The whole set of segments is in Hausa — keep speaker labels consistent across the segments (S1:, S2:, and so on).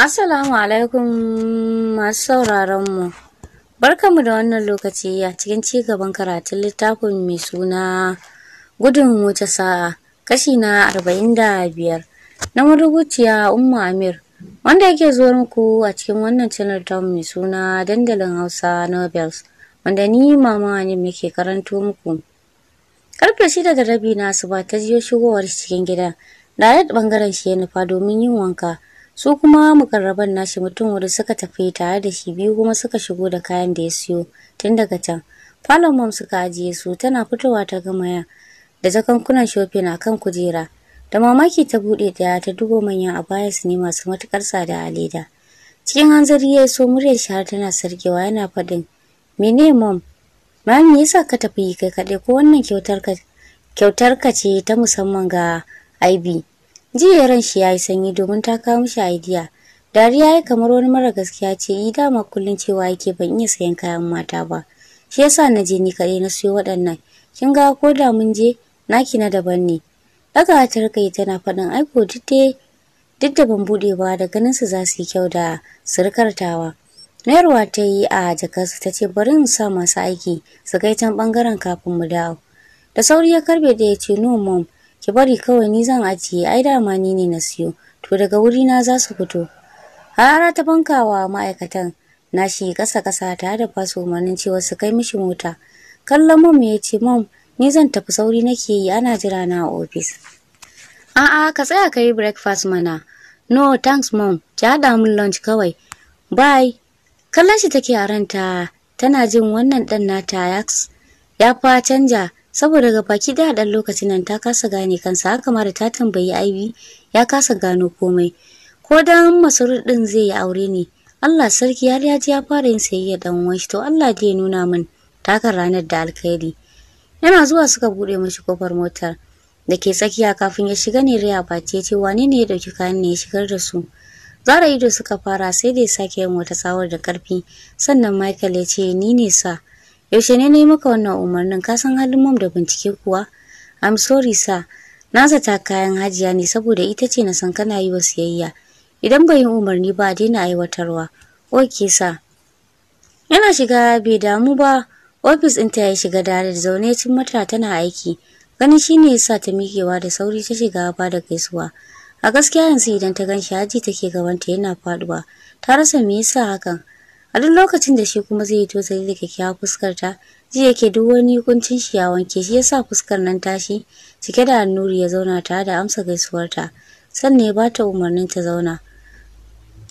S1: Assalamu alaikum masu sauraron mu. Barkamu da wannan lokaci a cikin ci gaban karatun littafin mai suna Gudun wuce sa'a kashi na arba'in da biyar na marubuciya Umma Amir wanda yake zuwa muku a cikin wannan channel ta mai suna dandalin Hausa Nobels wanda ni mama ne muke karanto muku. Karfe shida da rabi na asuba ta jiyo shigowar cikin gida da bangaren shi ya nufa domin yin wanka. su kuma mukarraban nashi mutum wanda suka tafi tare da shi biyu kuma suka shigo da kayan da ya siyo tun daga can falon mom suka ajiye su tana fitowa ta gama ya da jakankunan shopping a kan kujera da mamaki ta buɗe daya ta dubo manyan a baya su ne masu matukar tsada a leda cikin hanzari ya so muryar shahar tana sarkewa yana faɗin mene mom mami yasa ka tafi kai kaɗai ko wannan kyautar ka kyautar ka ce ta musamman ga IB jiya ran shi ya yi sanyi domin ta kawo mishi idea dariya ya kamar wani mara gaskiya ce yi dama kullum cewa yake ban iya sayan kayan mata ba shi yasa na je ni kaɗai na siyo waɗannan kin ga ko da mun je naki na daban ne daga ta kai tana faɗin aiko duk da ban buɗe ba da ganin su za su yi kyau da surkartawa Nayarwa ta yi a jakarsu ta ce bari in sa masu aiki su kai can ɓangaren kafin mu dawo. Da sauri ya karbe da ya ce no mom ki bari kawai ni zan ajiye ai dama ni ne na siyo to daga wuri na za su fito harara ta bankawa ma'aikatan na shi kasa kasa tare da fasu umarnin cewa su kai mishi mota kallon mom ya ce mom ni zan tafi sauri nake yi ana jira na a ofis a'a ka tsaya ka yi breakfast mana no thanks mom ki haɗa min lunch kawai bye kallon shi take a ranta tana jin wannan ɗan nata ya fa canja saboda ga baki da ɗan lokacin nan ta kasa gane kansa haka mara ta tambayi aibi ya kasa gano komai ko dan masarud din zai yi aure ne Allah sarki har ya ji ya fara yin sayayya dan uwan shi to Allah dai nuna min takan ranar da alkhairi yana zuwa suka bude mashi kofar motar da ke tsakiya kafin ya shiga ne riya bace ce wane ne ya dauki kayan ne ya shigar da su Zara ido suka fara sai dai sake yin wata tsawar da karfi sannan Michael ya ce ni ne sa yaushe ne nayi maka wannan umarnin ka san halin mom da bincike kuwa i'm sorry sa na zata kayan hajiya ne saboda ita ce na san kana yi wa siyayya idan bai yi umarni ba daina aiwatarwa oke sa yana shiga bai damu ba ofis ta ya shiga dare da zaune cin mata tana aiki ganin shine yasa ta mikewa da sauri ta shiga ba da gaisuwa a gaskiya yanzu idan ta ganshi haji take gabanta yana faduwa ta rasa me yasa hakan a duk lokacin da shi kuma zai yi tozali da kyakkyawar fuskar ta ji yake duk wani hukuncin shi ya wanke shi yasa fuskar nan tashi cike da annuri ya zauna ta da amsa gaisuwar ta sanne ba ta umarnin ta zauna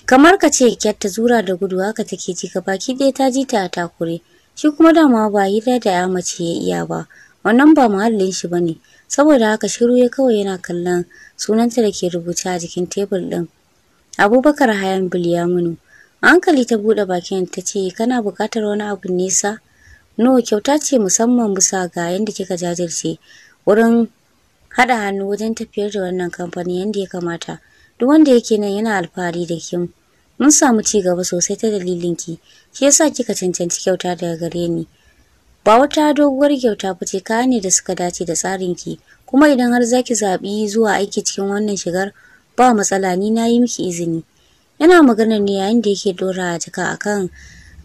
S1: kamar ka ce kyar ta zura da gudu haka take ji ka baki ɗaya ta ji ta a takure shi kuma dama ba yi da ya mace ya iya ba wannan ba muhallin shi bane saboda haka shiru ya kawai yana kallon sunanta da ke rubuce a jikin tebul ɗin abubakar hayan bilyaminu hankali ta buɗe bakin ta ce kana buƙatar wani abu nesa? No kyauta ce musamman bisa ga yadda kika jajirce wurin haɗa hannu wajen tafiyar da wannan kamfani yadda ya kamata. Duk wanda yake nan yana alfahari da kin. Mun samu ci gaba sosai ta dalilin ki. Shi yasa kika cancanci kyauta daga gare ni. Ba wata doguwar kyauta ba ce kaya ne da suka dace da tsarin ki. Kuma idan har zaki zaɓi zuwa aiki cikin wannan shigar ba matsala ni na yi miki izini. yana maganar ne yayin da yake dora jaka akan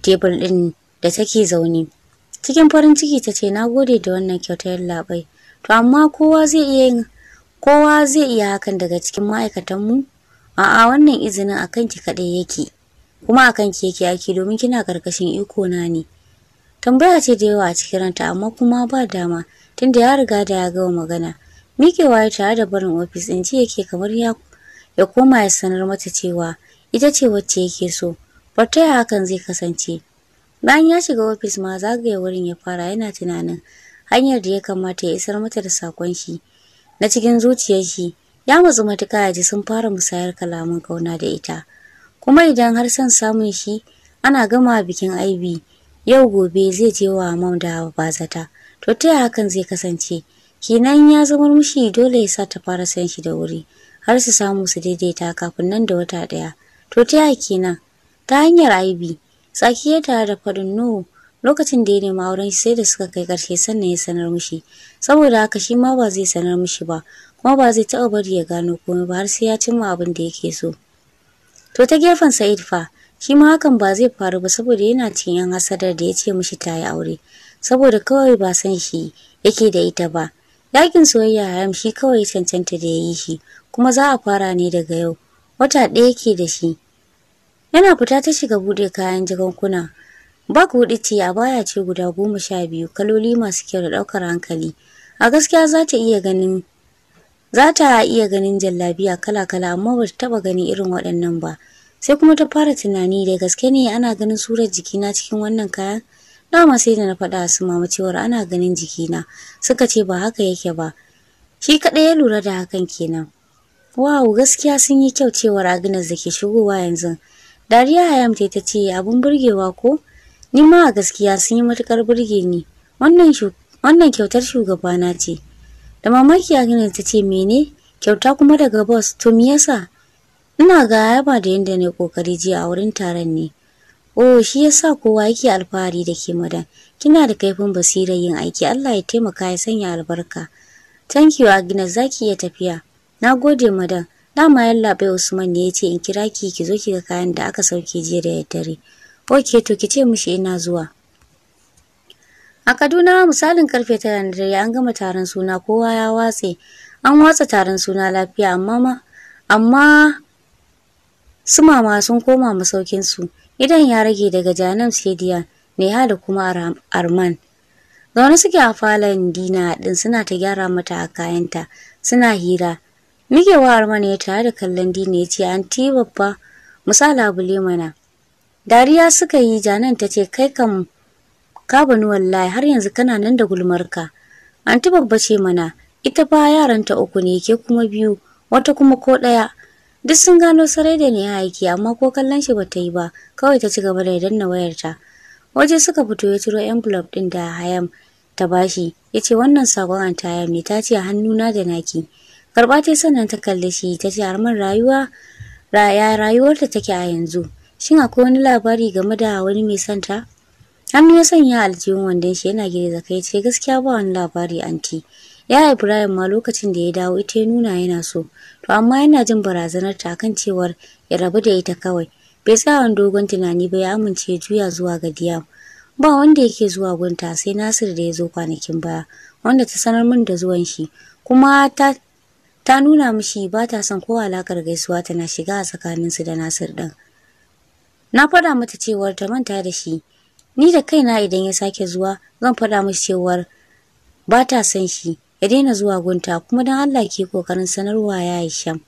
S1: tebur ɗin da take zaune cikin farin ciki ta ce na gode da wannan kyautar labai to amma kowa zai iya yin kowa zai iya hakan daga cikin ma'aikatanmu a'a wannan izinin a kanki kaɗai yake kuma a kanki yake aiki domin kina karkashin iko na ne tambaya ce da yawa a cikin ranta amma kuma ba dama tunda ya riga da ya gama magana mikewa waye tare da barin ofis ɗin ji yake kamar ya ya koma ya sanar mata cewa ita ce wacce yake so ba ta hakan zai kasance bayan ya shiga ofis ma zagaye wurin ya fara yana tunanin hanyar da ya kamata ya isar mata da sakon shi na cikin zuciyar shi ya matsu matuka ya ji sun fara musayar kalaman kauna da ita kuma idan har son samun shi ana gama a bikin aibi yau gobe zai je wa mam da bazata to ta yaya hakan zai kasance kenan ya zama mushi dole ya sa ta fara san shi da wuri har su samu su daidaita kafin nan da wata ɗaya To ta yaya kenan? Ta hanyar IB. Tsaki ya tare da faɗin nuhu lokacin da ya nemi auren shi sai da suka kai ƙarshe sannan ya sanar mishi. Saboda haka shi ma ba zai sanar mishi ba kuma ba zai taɓa bari ya gano komai ba har sai ya cimma abin da yake so. To ta gefen Sa'id fa shi ma hakan ba zai faru ba saboda yana cikin yan hasadar da ya ce mishi ta yi aure saboda kawai ba san shi yake da ita ba. Yakin soyayya haram shi kawai cancanta da ya yi shi kuma za a fara ne daga yau wata ɗaya yake da shi Yana fita ta shiga buɗe kayan Ba ku huɗu ce a baya ce guda goma sha biyu kaloli masu kyau da ɗaukar hankali. A gaskiya za ta iya ganin jallabiya kala-kala amma ba ta taɓa gani irin waɗannan ba. Sai kuma ta fara tunani da gaske ne ana ganin surar jikina cikin wannan kayan. Dama sai da na faɗa su mama cewar ana ganin jikina suka ce ba haka yake ba. Shi kaɗai ya lura da hakan kenan. Wow gaskiya sun yi kyau cewar Agnes da ke shigowa yanzu. Dariya Hayam ta ta ce abun burgewa ko? Ni ma a gaskiya sun yi matukar burge ni. Wannan kyautar shugaba na ce. Da mamaki gina ta ce mene? Kyauta kuma daga boss to me yasa? Ina ga yaba da yanda ne kokari jiya a wurin taron ne. Oh shi yasa kowa yake alfahari da ke madan. Kina da kaifin basirar yin aiki Allah ya taimaka ya sanya albarka. Thank you Agnes zaki iya tafiya. Na gode madan. Dama yallaɓai Usman ne ya ce in kira ki ki zo ki ga kayan da aka sauke jiya da daddare. Oke to ki ce mishi ina zuwa. A Kaduna misalin karfe tara da dare an gama taron suna kowa ya watse. An watsa taron suna lafiya amma ma amma su mama sun koma masaukin su. Idan ya rage daga Janam Sediya, Neha da kuma Arman. Zaune suke a falon dina din suna ta gyara mata a kayanta, suna hira, wa Arman ya tare da kallon dini ya ce anti babba musa labule mana. Dariya suka yi janan ta ce kai kam ka bani wallahi har yanzu kana nan da gulmarka. Anti babba ce mana ita fa yaranta uku ne ke kuma biyu wata kuma ko ɗaya. Duk sun gano sarai da ne ya aiki amma ko kallon shi bata yi ba kawai ta ci gaba da danna wayarta. Waje suka fito ya ciro envelope ɗin da Hayam ta bashi ya ce wannan sakon Antaya me ta ce hannuna da naki. karba ta sannan ta kalle shi ta ce harman rayuwa raya rayuwarta take a yanzu shin akwai wani labari game da wani mai santa hannu ya sanya aljihun wandon shi yana zaka ya ce gaskiya ba wani labari anti ya ibrahim ma lokacin da ya dawo ita ya nuna yana so to amma yana jin barazanar ta kan cewar ya rabu da ita kawai bai wani dogon tunani ba ya amince juya zuwa ga diyam ba wanda yake zuwa gunta sai nasir da ya zo kwanakin baya wanda ta sanar min da zuwan shi kuma ta ta nuna mishi ba ta son ko alakar gaisuwa tana shiga a tsakaninsu da Nasir ɗin. Na faɗa mata cewar ta manta da shi, ni da kaina idan ya sake zuwa zan faɗa mishi cewar ba ta son shi ya daina zuwa gunta kuma don Allah ke kokarin sanarwa ya yi sham.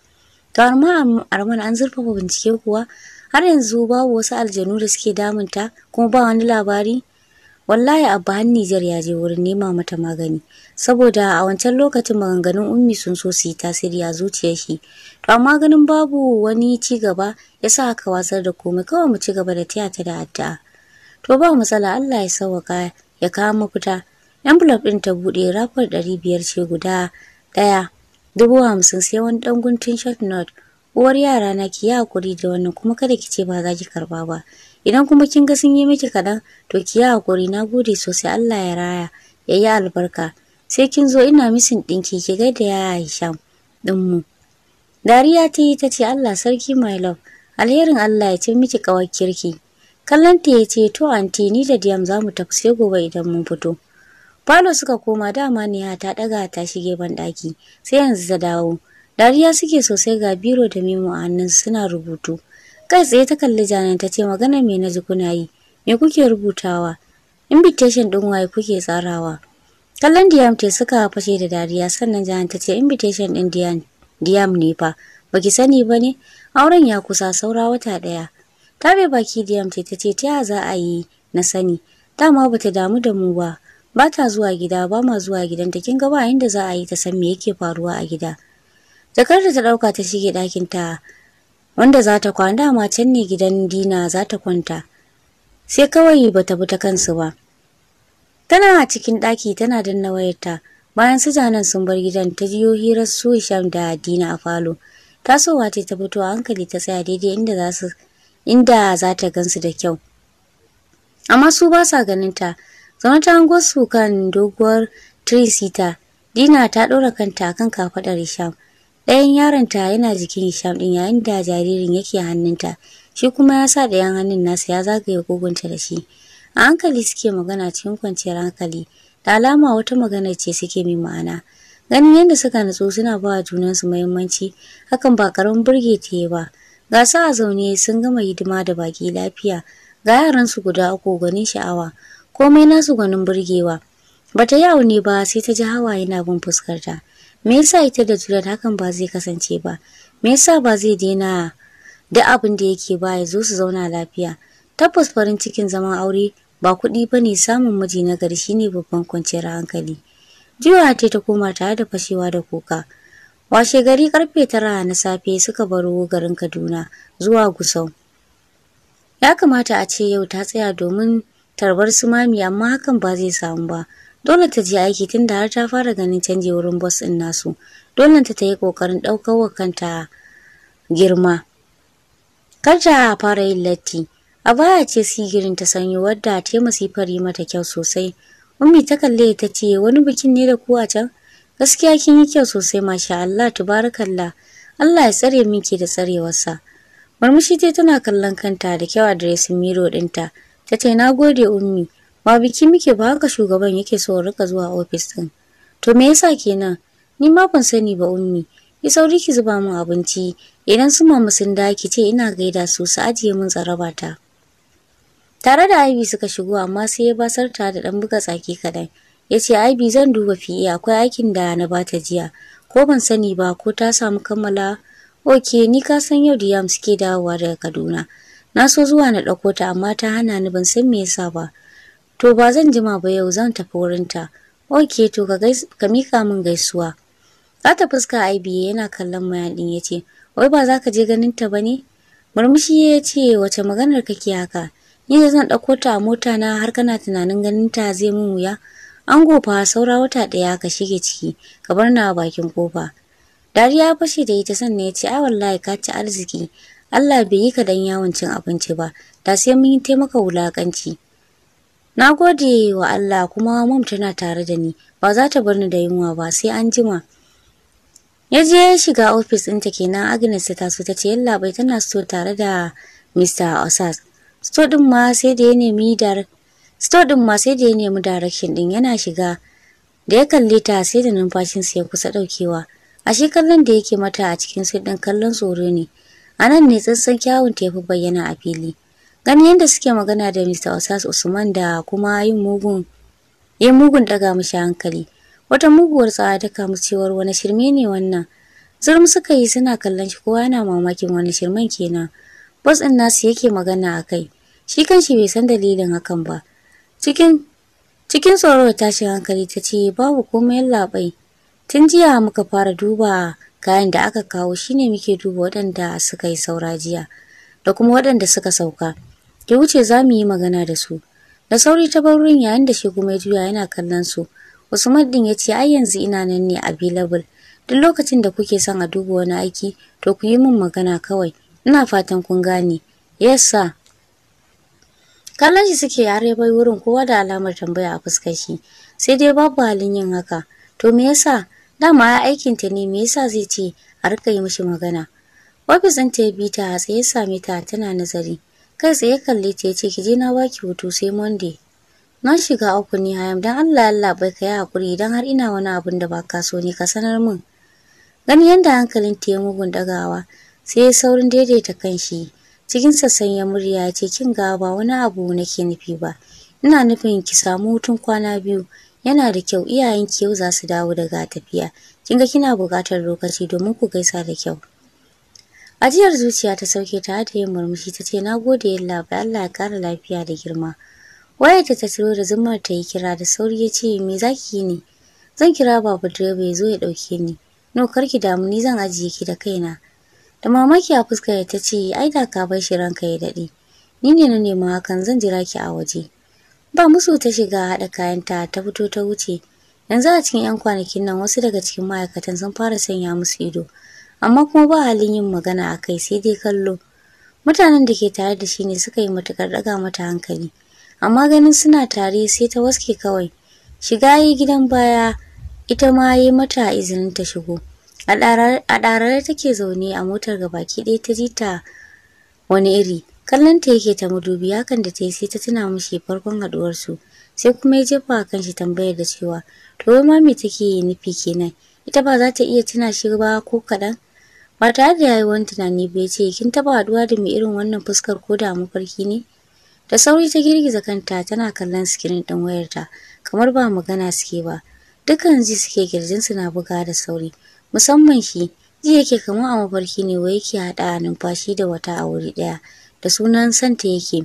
S1: To amma Arman an zurfafa bincike kuwa har yanzu babu wasu aljanu da suke damunta kuma ba wani labari wallahi abba har Nijar ya je wurin nema mata magani saboda a wancan lokacin maganganun ummi sun so su yi tasiri a zuciyar shi to amma ganin babu wani ci gaba ya sa aka wasar da komai kawai mu ci gaba da tiyata da addu'a to ba matsala Allah ya sauwaka ya kawo mafita envelope din ta buɗe rafar ɗari biyar ce guda ɗaya dubu hamsin sai wani ɗan guntun shot note uwar yara na ki yi hakuri da wannan kuma kada ki ce ba za ki karba ba Idan kuma kin ga sun yi miki kaɗan, to ki yi haƙuri na gode sosai Allah ya raya, ya yi albarka. Sai kin zo ina misin ɗinki ki da ya Hisham ɗinmu. Dariya ta yi ta ce Allah sarki my love, alherin Allah ya ce miki ƙawar kirki. Kallon ta ce to anti ni da Diyam za mu tafi sai gobe idan mun fito. Falo suka koma dama ne ta ɗaga ta shige ban ɗaki sai yanzu ta dawo. Dariya suke sosai ga biro da mimo a hannun suna rubutu. Kai tsaye ta kalli janan ta ce magana me na ji kuna yi? Me kuke rubutawa? Invitation din waye kuke tsarawa? Kallon Diyam ce suka fashe da dariya sannan janan ta ce invitation din Diyam ne fa. ba ki sani ba ne? Auren ya kusa saura wata ɗaya. Tabe baki Diyam ce ta ce ta za a yi na sani. Dama ta damu da mu ba. Ba ta zuwa gida ba ma zuwa gidan ta, kin ga ba inda za a yi ta san me yake faruwa a gida. Jakar da ta ɗauka ta shige ɗakin ta wanda za ta kwana dama can ne gidan dina za ta kwanta sai kawai ba ta bi ta kansu ba tana a cikin ɗaki tana danna wayarta bayan su janan sun bar gidan ta jiyo hirar su hisham da dina a falo tasowa wace ta fito a hankali ta tsaya daidai inda za su inda za ta gansu da kyau amma su ba sa ganin ta zama ta hango su kan doguwar trisita dina ta ɗora kanta kan kafaɗar hisham Ɗayan yaronta yana jikin Hisham ɗin yayin da jaririn yake hannunta, shi kuma ya sa ɗayan hannun nasa ya zagaye kogunta da shi. A hankali suke magana cikin kwanciyar hankali, da alama wata magana ce suke mai ma'ana. Ganin yadda suka natsu suna ba wa junansu muhimmanci, hakan ba karamin burge ta yi ba. Ga su a zaune sun gama hidima da baki lafiya, ga yaransu guda uku gwanin sha'awa, komai nasu gwanin burgewa. Bata yawo ne ba sai ta ji hawaye na bin fuskarta. me yasa ita da Juliet hakan ba zai kasance ba me yasa ba zai daina da abin da yake ba ya zo su zauna lafiya tabbas farin cikin zaman aure ba kuɗi ba ne samun miji na gari shine babban kwanciyar hankali ce ta koma tare da fashewa da kuka washe gari karfe tara na safe suka baro garin Kaduna zuwa Gusau ya kamata a ce yau ta tsaya domin tarbar su mami amma hakan ba zai samu ba Dole ta je aiki tun da har ta fara ganin canji wurin boss ɗin nasu. Dole ta ta yi ƙoƙarin ɗaukar wa kanta girma. Kar ta fara yin latti. A baya ce sigirin ta sanyo wadda ta masifar yi mata kyau sosai. Ummi ta kalle ta ce wani bikin ne da ku a can? Gaskiya kin yi kyau sosai masha Allah tubarakallah. Allah ya tsare miki da tsarewarsa. Murmushi ce tana kallon kanta da kyau a dressing miro ɗinta. Ta ce na gode ummi. ba biki muke ba haka shugaban yake so rika zuwa ofis din to me yasa kenan ni ma ban sani ba ummi ki sauri ki zuba min abinci idan su mamu sun da ki ce ina gaida su su ajiye min tsaraba ta tare da Aibi suka shigo amma sai ya basar ta da dan buga tsaki kadan yace Aibi zan duba fiye akwai aikin da na bata jiya ko ban sani ba ko ta samu kammala Ok ni ka san yau da yam suke dawowa daga Kaduna na so zuwa na dauko ta amma ta hana ni ban san me yasa ba To ba zan jima ba yau zan tafi wurinta. Ok to ka ka mika min gaisuwa. ta fuska aibiye yana kallon mayaɗin ya ce, Wai ba za ka je ganin ta ba ne? Murmushi ya ce wace maganar kake haka? Ni da zan ɗauko ta a mota na har kana tunanin ganin ta zai mun wuya? An gofa saura wata ɗaya ka shige ciki, ka bar na bakin kofa. Dariya fashe da ita sannan ya ce, Ai wallahi ka ci arziki, Allah bai yi ka dan yawon cin abinci ba, Ta sai mun yi taimaka wulakanci. Na gode wa Allah kuma mom tana tare da ni, ba za ta bar ni da yunwa ba sai an jima. Ya je ya shiga ofis ɗinta kenan Agnes ta taso ta ce yalla bai tana so tare da Mr. Osas. Sto ɗin ma sai da ya nemi dar Sto ɗin ma sai da ya nemi direction din yana shiga. Da ya kalle ta sai da numfashinsa ya kusa ɗaukewa. Ashe kallon da yake mata a cikin sai din kallon tsoro ne. A nan ne tsantsan kyawun ta ya fi bayyana a fili. gani yadda suke magana da Mr. Osas Usman da kuma yin mugun yin mugun daga mishi hankali. Wata muguwar tsawa ta kamu cewar wani shirme ne wannan. Zurm suka yi suna kallon shi kowa yana mamakin wani shirman kenan. Bas ɗin nasu yake magana a kai. Shi kanshi bai san dalilin hakan ba. Cikin cikin tsoro da tashin hankali ta ce babu komai labai. Tun jiya muka fara duba kayan da aka kawo shine muke duba waɗanda suka yi saura jiya da kuma waɗanda suka sauka. ki wuce za mu yi magana da su da sauri ta bar wurin yayin da shi kuma ya juya yana kallon su usman din ya ce ai yanzu ina nan ne a available duk lokacin da kuke son a duba wani aiki to ku yi min magana kawai ina fatan kun gane yes sir kallon shi suke yare bai wurin kowa da alamar tambaya a fuskar shi sai dai babu halin yin haka to me yasa dama ya aikin ta ne me yasa zai ce a rika yi mishi magana ofis ɗin ta bi ta a tsaye same ta tana nazari kai tsaye kalle ta yace ki je na baki hutu sai monday na shiga uku ni hayam dan Allah Allah bai kai hakuri dan har ina wani abun da ba ka so ne ka sanar min gani yanda hankalin ta yi mugun dagawa sai ya saurin daidaita kanshi cikin sassan ya murya ya ce kin ga ba wani abu nake nufi ba ina nufin ki samu hutun kwana biyu yana da kyau iyayenki yau za su dawo daga tafiya Kin ga kina buƙatar lokaci domin ku gaisa da kyau Ajiyar zuciya ta sauke ta hata yin murmushi ta ce gode yalla bai Allah ya kara lafiya da girma. waye ta ciro da zumar ta yi kira da sauri ya ce me zaki ne? Zan kira babu direba ya zo ya ɗauke ni. No ki damu ni zan ajiye ki da kaina. Da mamaki a fuska ya ta ce ai da ka bar shi ranka ya daɗe. Ni ne na nema hakan zan jira ki a waje. Ba musu ta shiga haɗa kayanta ta fito ta wuce. Yanzu a cikin 'yan kwanakin nan wasu daga cikin ma'aikatan sun fara sanya musu ido. amma kuma ba halin yin magana a kai sai dai kallo mutanen da ke tare da shi ne suka yi matukar daga mata hankali amma ganin suna tare sai ta waske kawai shiga yi gidan baya ita ma yi mata izinin ta shigo a ɗarare take zaune a motar ga baki ɗaya ta ji ta wani iri kallon ta yake ta madubi hakan da ta yi sai ta tuna mishi farkon haɗuwarsu sai kuma ya jefa a kan shi tambayar da cewa to wai ma me take yi nufi kenan ita ba za ta iya tuna shi ba ko kaɗan ba tare da yayi wani tunani ba ya ce kin taba haduwa da mai irin wannan fuskar ko da mafarki ne da sauri ta girgiza kanta tana kallon sikirin ɗin wayarta kamar ba magana suke ba dukkan ji suke su na buga da sauri musamman shi ji yake kamar a mafarki ne wai yake haɗa a numfashi da wata a wuri ɗaya da sunan santa yake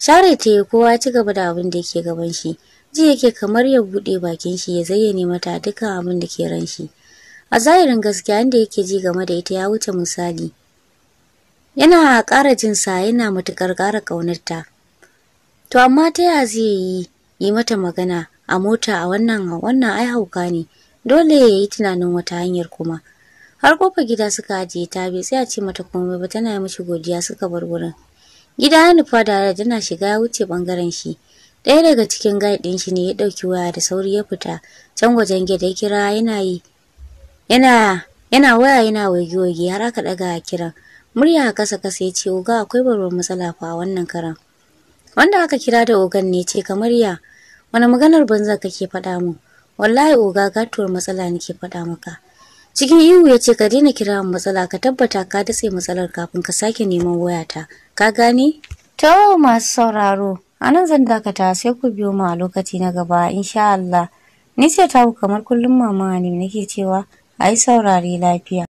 S1: share ta yi kowa ci gaba da abin da yake gaban shi ji yake kamar ya buɗe bakin shi ya zayyane mata dukkan abin da ke ran shi a zahirin gaskiya inda yake ji game da ita ya wuce misali yana ƙara jin sa yana matukar ƙara ƙaunarta to amma ta ya zai yi yi mata magana a mota a wannan wannan ai hauka ne dole ya yi tunanin wata hanyar kuma har kofa gida suka ajiye ta bai tsaya ce mata komai ba tana mishi godiya suka bar wurin. gida ya nufa da tana shiga ya wuce bangaren shi ɗaya daga cikin gaid ɗin shi ne ya ɗauki waya da sauri ya fita can wajen gida ya kira yana yi Yana yana waya yana wage-wage har aka daga kira. Murya a kasa kasa ya ce oga akwai babbar matsala fa wannan karan. Wanda aka kira da ogan ne ce kamar ya wani maganar banza kake faɗa mu Wallahi oga gatuwar matsala nake faɗa maka. Cikin ihu ya ce ka daina kira matsala ka tabbata ka datse matsalar kafin ka sake neman wayata. Ka gane? To masu sauraro, anan nan zan dakata sai ku biyo mu a lokaci na gaba insha Allah. Ni ce ta kamar kullum mama ne nake cewa ayi saurari saurare lafiya.